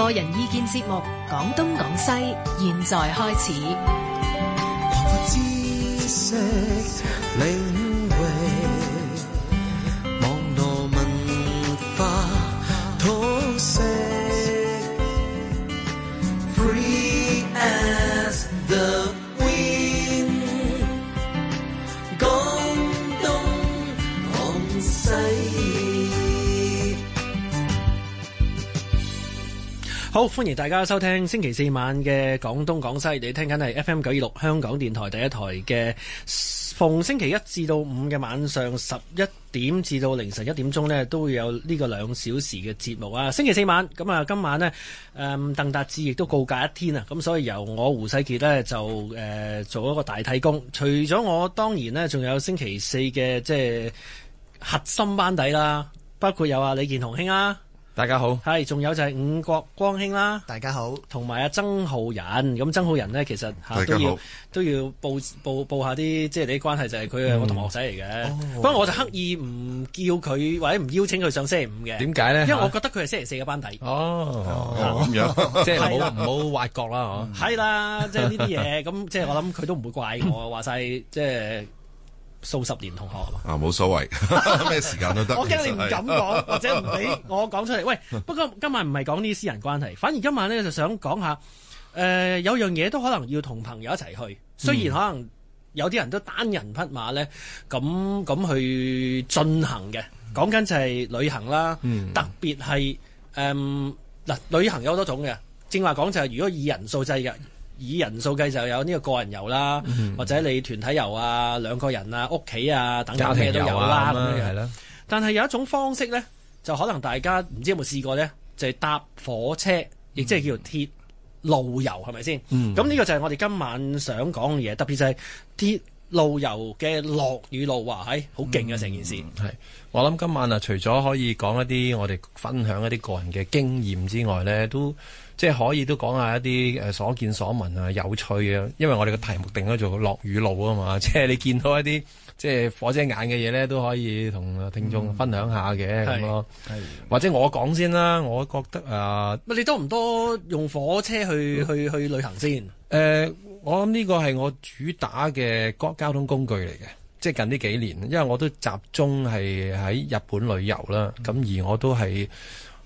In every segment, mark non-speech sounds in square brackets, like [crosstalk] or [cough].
個人意見節目，講東講西，現在開始。 [music] 好，歡迎大家收聽星期四晚嘅廣東廣西，你聽緊係 FM 九二六香港電台第一台嘅，逢星期一至到五嘅晚上十一點至到凌晨一點鐘呢，都會有呢個兩小時嘅節目啊。星期四晚，咁、嗯、啊今晚呢，誒鄧達志亦都告假一天啊，咁所以由我胡世傑呢，就誒、呃、做一個大替工。除咗我，當然呢，仲有星期四嘅即係核心班底啦、啊，包括有啊李健雄兄啊。大家好，係仲有就係伍國光興啦，大家好，同埋阿曾浩仁，咁曾浩仁呢，其實吓、啊、都要都要報報報一下啲，即係啲關係就係佢係我同學仔嚟嘅，不、哦、過我就刻意唔叫佢或者唔邀請佢上星期五嘅，點解呢？因為我覺得佢係星期四嘅班底哦，咁、啊、樣、啊啊啊啊、即係唔好唔好挖角啦，係、嗯、係、嗯、啦，即係呢啲嘢，咁 [laughs] 即係我諗佢都唔會怪我，話晒 [coughs] 即係。數十年同學啊，冇所謂，咩時間都得。 [laughs] 我驚你唔敢講，或者唔俾我講出嚟。 [laughs] 喂，不過今晚唔係講呢啲私人關係，反而今晚咧就想講下，誒、呃、有樣嘢都可能要同朋友一齊去，雖然可能有啲人都單人匹馬咧，咁咁去進行嘅。講緊就係旅行啦，特別係誒嗱，旅行有好多種嘅，正話講就係如果以人數計嘅。以人數計就有呢個個人遊啦、嗯，或者你團體遊啊，兩個人啊、屋企啊，等等，等，等，家庭遊啊等等，都有啦。但係有一種方式呢，就可能大家唔知有冇試過呢，就係、是、搭火車，亦即係叫做鐵路遊，係咪先？咁、嗯、呢個就係我哋今晚想講嘅嘢，特別就係鐵路遊嘅樂與怒，哇係好勁啊，成、哎、件事。係、嗯，我諗今晚啊，除咗可以講一啲我哋分享一啲個人嘅經驗之外呢，都。即係可以都講下一啲誒所見所聞啊，有趣啊！因為我哋個題目定咗做樂與怒啊嘛，即係你見到一啲即係火車眼嘅嘢咧，都可以同聽眾分享下嘅咁咯。或者我講先啦，我覺得啊、呃，你多唔多用火車去、嗯、去去旅行先？誒、呃，我諗呢個係我主打嘅交交通工具嚟嘅，即係近呢幾年，因為我都集中係喺日本旅遊啦。咁、嗯、而我都係誒。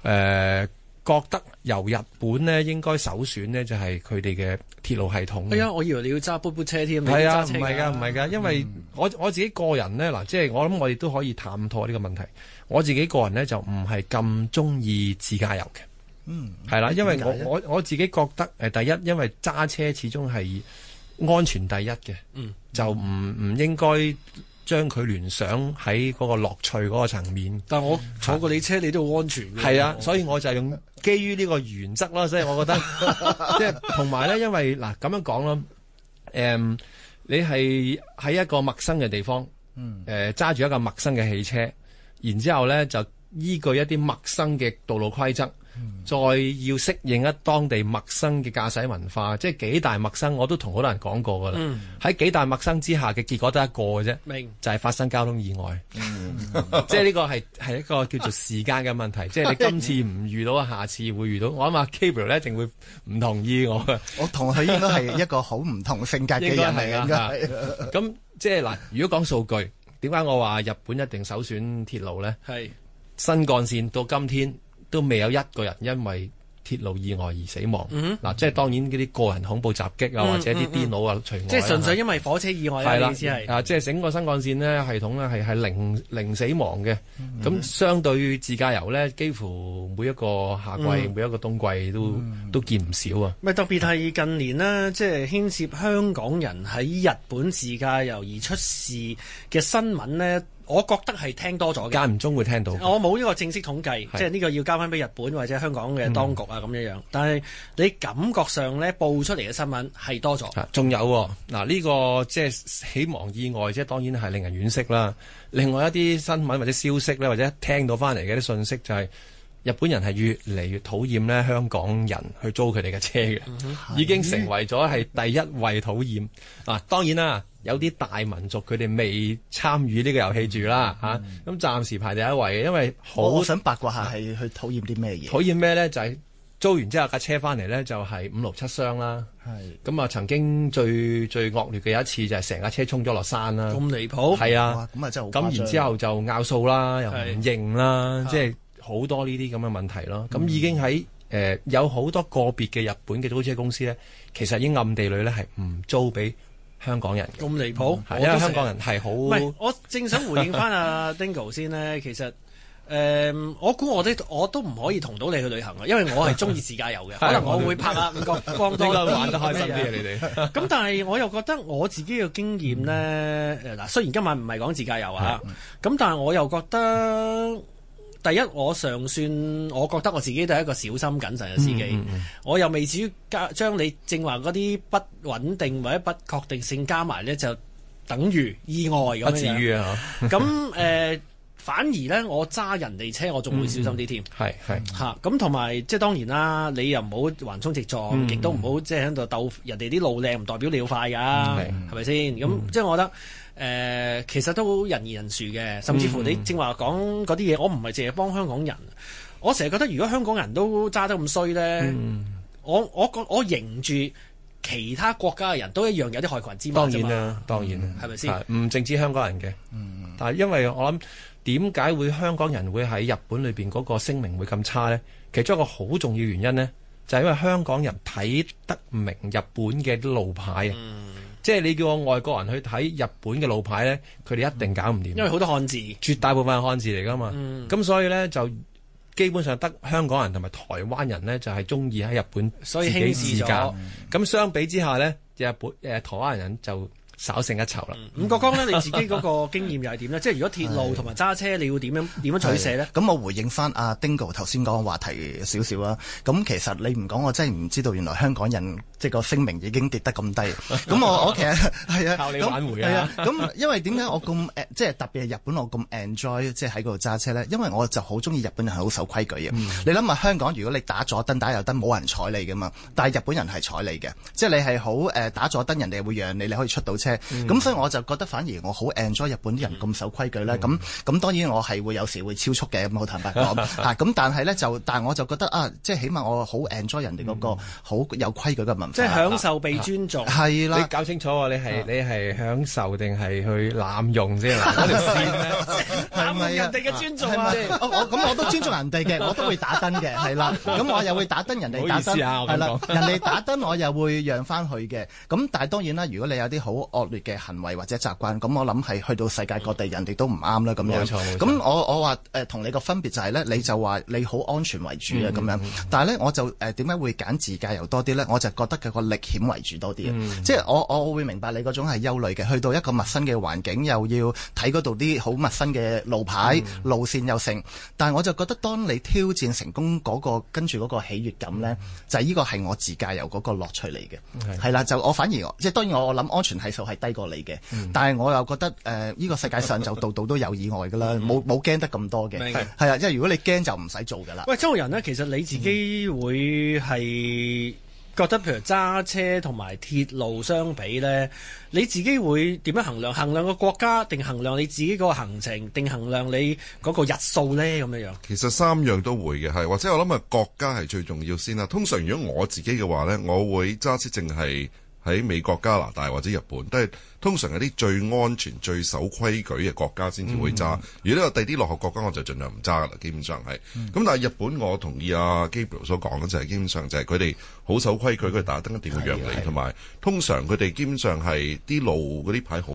呃覺得由日本咧應該首選咧就係佢哋嘅鐵路系統。哎呀，我以為你要揸杯杯車添。係啊，唔係㗎，唔係㗎，因為我我自己個人咧嗱，即係我諗我哋都可以探討呢個問題。我自己個人咧就唔係咁中意自駕遊嘅，嗯，係啦，因為我為我我自己覺得誒第一，因為揸車始終係安全第一嘅，嗯，就唔唔應該。將佢聯想喺嗰個樂趣嗰個層面，但係我坐過你車，你都好安全嘅。係啊，所以我就係用基於呢個原則啦，所以我覺得即係同埋咧，因為嗱咁樣講咯，誒、um，你係喺一個陌生嘅地方，誒、嗯，揸住一個陌生嘅汽車，然之後咧就依據一啲陌生嘅道路規則。再要適應一當地陌生嘅駕駛文化，即係幾大陌生，我都同好多人講過噶啦。喺、嗯、幾大陌生之下嘅結果得一個嘅啫，明就係、是、發生交通意外。嗯、即係呢個係係一個叫做時間嘅問題， [laughs] 即係你今次唔遇到，下次會遇到。我諗阿 Kable l 一定會唔同意我，我同佢應該係一個好唔同性格嘅人嚟噶。咁 [laughs] 即係嗱，如果講數據，點解我話日本一定首選鐵路咧？係新幹線到今天，都未有一個人因為鐵路意外而死亡。嗱、mm -hmm. 啊，即係當然嗰啲個人恐怖襲擊啊，mm -hmm. 或者啲癲佬啊，除外。Mm -hmm. 即係純粹因為火車意外啦、啊。係啦、啊，即係整個新幹線呢系統呢係零零死亡嘅。咁、mm -hmm. 相對自駕遊呢，幾乎每一個夏季、mm -hmm. 每一個冬季都、mm -hmm. 都見唔少啊。咪特別係近年呢，即係牽涉香港人喺日本自駕遊而出事嘅新聞呢。我覺得係聽多咗嘅，間唔中會聽到。我冇呢個正式統計，即係呢個要交翻俾日本或者香港嘅當局啊咁樣樣。但係你感覺上咧，報出嚟嘅新聞係多咗。仲有嗱、哦，呢、呢個即係死亡意外，即係當然係令人惋惜啦。另外一啲新聞或者消息咧，或者聽到翻嚟嘅啲信息就係、是。日本人係越嚟越討厭咧，香港人去租佢哋嘅車嘅，已經成為咗係第一位討厭。嗱、啊，當然啦，有啲大民族佢哋未參與呢個遊戲住啦，嚇、嗯。咁、啊、暫時排第一位，嘅，因為好想八卦下係去討厭啲咩嘢。討厭咩咧？就係、是、租完之後架車翻嚟咧，就係五六七箱啦。係咁啊！曾經最最惡劣嘅一次就係成架車衝咗落山啦。咁離譜係啊！咁啊真咁，然之後就拗數啦，又唔認啦、啊，即係。好多呢啲咁嘅問題咯，咁已經喺誒、呃、有好多個別嘅日本嘅租車公司咧，其實已經暗地裏咧係唔租俾香港人嘅。咁離譜，我因為香港人係好。唔係，我正想回應翻阿 [laughs] Dingo 先呢，其實誒、呃，我估我哋我都唔可以同到你去旅行啊，因為我係中意自駕遊嘅， [laughs] 可能我會拍啦，光光多 [laughs] 應該玩得開心啲你哋。咁但係我又覺得我自己嘅經驗咧，誒、嗯、嗱，雖然今晚唔係講自駕遊啊，咁、嗯、但係我又覺得。第一，我尚算，我覺得我自己都係一個小心謹慎嘅司機。我又未至於加將你正話嗰啲不穩定或者不確定性加埋咧，就等於意外咁。不至於啊，咁、 [laughs] 呃、反而咧，我揸人哋車，我仲會小心啲添。係係嚇，咁同埋即係當然啦，你又唔好橫衝直撞，亦都唔好即係喺度鬥人哋啲路靚，唔代表你要快㗎，係咪先？咁即、嗯嗯即係、我覺得。誒、呃，其實都人言人殊嘅，甚至乎你正話講嗰啲嘢，我唔係淨係幫香港人，我成日覺得如果香港人都揸得咁衰呢，我我我，我認住其他國家嘅人都一樣有啲害群之馬。當然啦，當然啦，係咪先？唔、嗯、淨止香港人嘅、嗯，但係因為我諗點解會香港人會喺日本裏面嗰個聲名會咁差呢？其中一個好重要原因呢，就係、是、因為香港人睇得唔明日本嘅路牌啊。嗯即係你叫我外國人去睇日本嘅路牌咧，佢哋一定搞唔掂。因為好多漢字，絕大部分係漢字嚟噶嘛。咁、嗯、所以咧就基本上得香港人同埋台灣人咧就係鍾意喺日本所以幾時搞？咁、嗯、相比之下咧，日本誒台灣人就。稍勝一籌啦。伍國光呢你自己嗰個經驗又係點呢？ [laughs] 即係如果鐵路同埋揸車，你要點樣點樣取捨呢？咁我回應翻阿、啊、Dingo 頭先講嘅話題少少啦。咁、嗯、其實你唔講，我真係唔知道原來香港人即係、就是、個聲名已經跌得咁低。咁 [laughs] 我我其實係啊， [laughs] 靠你挽回啊。咁因為點解我咁即係特別係日本我咁 enjoy 即係喺嗰度揸車呢？因為我就好中意日本人係好守規矩嘅、嗯。你諗下香港如果你打左燈打右燈冇人睬你噶嘛，但日本人係睬你嘅，即、就、係、是、你係好、呃、打左燈人哋會讓你，你可以出到。咁、嗯嗯、所以我就覺得反而我好 enjoy 日本啲人咁守規矩咧，咁、嗯、咁、嗯、當然我係會有時會超速嘅，好坦白講咁、 [laughs] 啊、但係咧就，但我就覺得啊，即係起碼我好 enjoy 人哋嗰個好有規矩嘅文化。即、嗯、係、就是、享受被尊重。係、啊、啦、啊。你搞清楚你係你係享受定係去濫用啫？攞條先係咪人哋嘅尊重、啊、 [laughs] 我咁我，我都尊重人哋嘅，我都會打燈嘅。係啦。咁我又會打燈人哋打燈係啦。人哋打燈、啊、我， [laughs] 打燈我又會讓翻佢嘅。咁但係當然啦，如果你有啲好惡劣嘅行為或者習慣，咁我諗係去到世界各地，嗯、人哋都唔啱啦咁樣。咁我我話誒同你個分別就係、是、呢：你就話你好安全為主啊咁樣。嗯、但係呢、嗯，我就誒點解會揀自駕遊多啲呢？我就覺得佢個歷險為主多啲，即係我我會明白你嗰種係憂慮嘅，去到一個陌生嘅環境又要睇嗰度啲好陌生嘅路牌、嗯、路線又成。但係我就覺得，當你挑戰成功嗰、嗰個跟住嗰個喜悅感呢，就係、是、呢個係我自駕遊嗰個樂趣嚟嘅。係、嗯、啦，就我反而即係當然我我諗安全係。係低過你嘅，嗯，但係我又覺得誒，依、呃這個世界上就度度都有意外噶啦，冇冇驚得咁多嘅，係啊，因為如果你驚就唔使做噶啦。喂，曾浩仁咧，其實你自己會係覺得譬、嗯、如揸車同埋鐵路相比呢，你自己會點樣衡量？衡量個國家，定衡量你自己嗰個行程，定衡量你嗰個日數呢？咁樣樣其實三樣都會嘅，係或者我諗係國家係最重要先啦。通常如果我自己嘅話呢，我會揸車淨係。喺美國加拿大或者日本，都係通常係啲最安全、最守規矩嘅國家先至會揸、嗯。如果有第個第啲落後國家，我就盡量唔揸啦。基本上係。咁、嗯、但係日本，我同意阿、啊、Gabriel 所講嘅，就是，就係基本上就係佢哋好守規矩，佢打燈一定要讓你，同埋通常佢哋基本上係啲路嗰啲牌紅。